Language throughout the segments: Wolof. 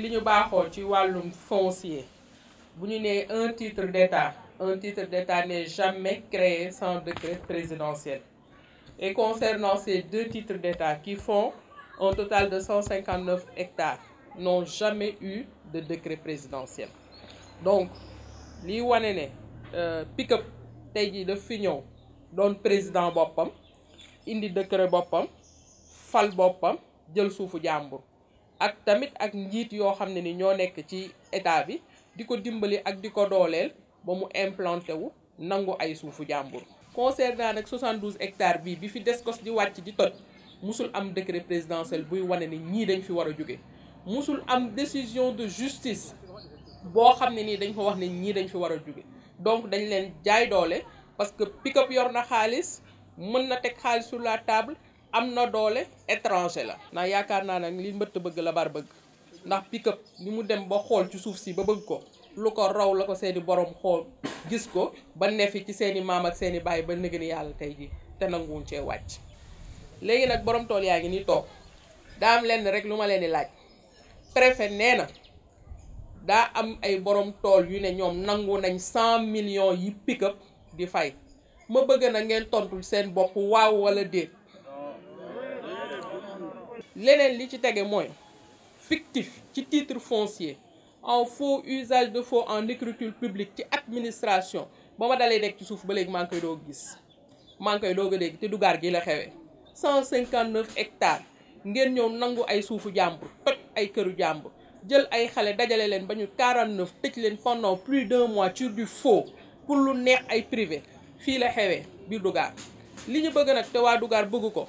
li ñu foncier un titre d'état un titre d'état n'est jamais créé sans décret présidentiel et concernant ces deux titres d'état qui font un total de 159 hectares n'ont jamais eu de décret présidentiel donc lii wane ne euh, pick-up le président de la président Bopam, indi décret Bopam, fal Bopam, jël suufu ak tamit ak njiit yoo xam ne ni ñoo nekk ci état bi di ko dimbali ak di ko dooleel ba mu implanté wu nangu ay suufu jàmbur. concernant nag 72 hectares bii bi fi des Descos di wàcc di toj musul am décret présidentiel buy wane ni ñii dañ fi war a jóge mosul am décision de justice boo xam ne nii dañ ko wax ne ñii dañ fi war a jóge donc dañ leen jaay doole parce que pick-up yor na xaalis mën na teg xaalis sur la table. am na doole étranger la na yaakaar naa ne li mbëtt bëgg la bar bëgg ndax pick-up ni mu dem ba xool ci suuf si ba bëgg ko lu ko raw la ko seeni borom xool gis ko ba nefi ci seeni maam ak seeni baay ba nëgëni yàlla tey ji te nanguwuñ cee wàcc léegi nag borom tool yaa ngi nii toog daa am lenn rek lu ma leen di laaj préfet nee na daa am ay borom tool yu ne ñoom nangu nañ cent millions yi pick-up di fay ma bëgg na ngeen tontul seen bopp waaw wala déet leneen li ci tege moy fictif ci titre foncier en faux usage de faux en écriture publique ci administration bama dalé nek ci souf ba léegi maa koy do gis maa koy do a té te gi la xewé 159 hectares ngeen ñëw nangu ay soufu jàmbur toj ay keuru jàmbur jël ay xalé dajalé leen bañu 49 tëj leen pendant plus d'un mois sur du faux pour lu neex ay privé fi la xewé bir dugaar li ñu bëgg nag te waa dugaar bëgg ko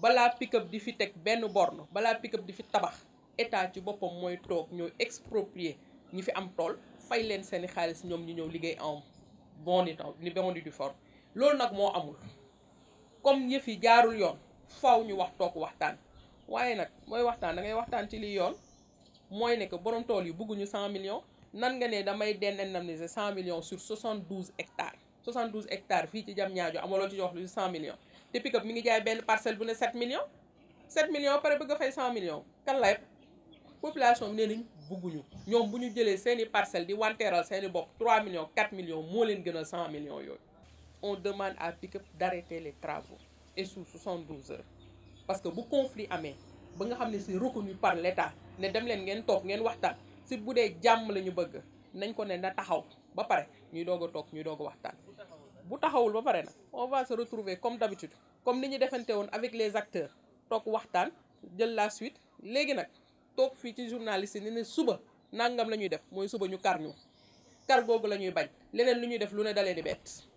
balaa pick-up di fi teg benn borne balaa pick-up di fi tabax état ci boppam mooy toog ñooy exproprier ñi fi am tool fay leen seeni xaalis ñoom ñu ñëw liggéey am bon et bon et due forme loolu nag moo amul comme yëf yi jaarul yoon faw ñu wax toog waxtaan waaye nag mooy waxtaan da waxtaan ci liy yoon mooy ne que borom tool yi bëgguñu 100 millions nan nga ne damay den indemniser 100 millions sur 72 hectares 72 hectares fii ci Diamniadio amaloo ci wax lu 100 millions. Depuis que up mi parcelle bu ne 7 millions 7 millions pare bëgg a 100 millions kan population est nee nañ nous ñoom bu ñu jëlee parcelle di 1 3 millions 4 millions moo leen 100 millions on demande à Pickup d'arrêter les travaux et sous 72 heures parce que bu conflit est ba nga xam ne reconnu par l'État ne dem leen ngeen top si vous dee des la ñu bëgg nañ ko ne na taxaw ba pare ñuy bu on va se retrouver comme d'habitude comme ni ñu avec les acteurs la suite léegi nag toog fii ci journaliste yi ne suba nangam la ñuy def suba ñu kar la bañ leneen lu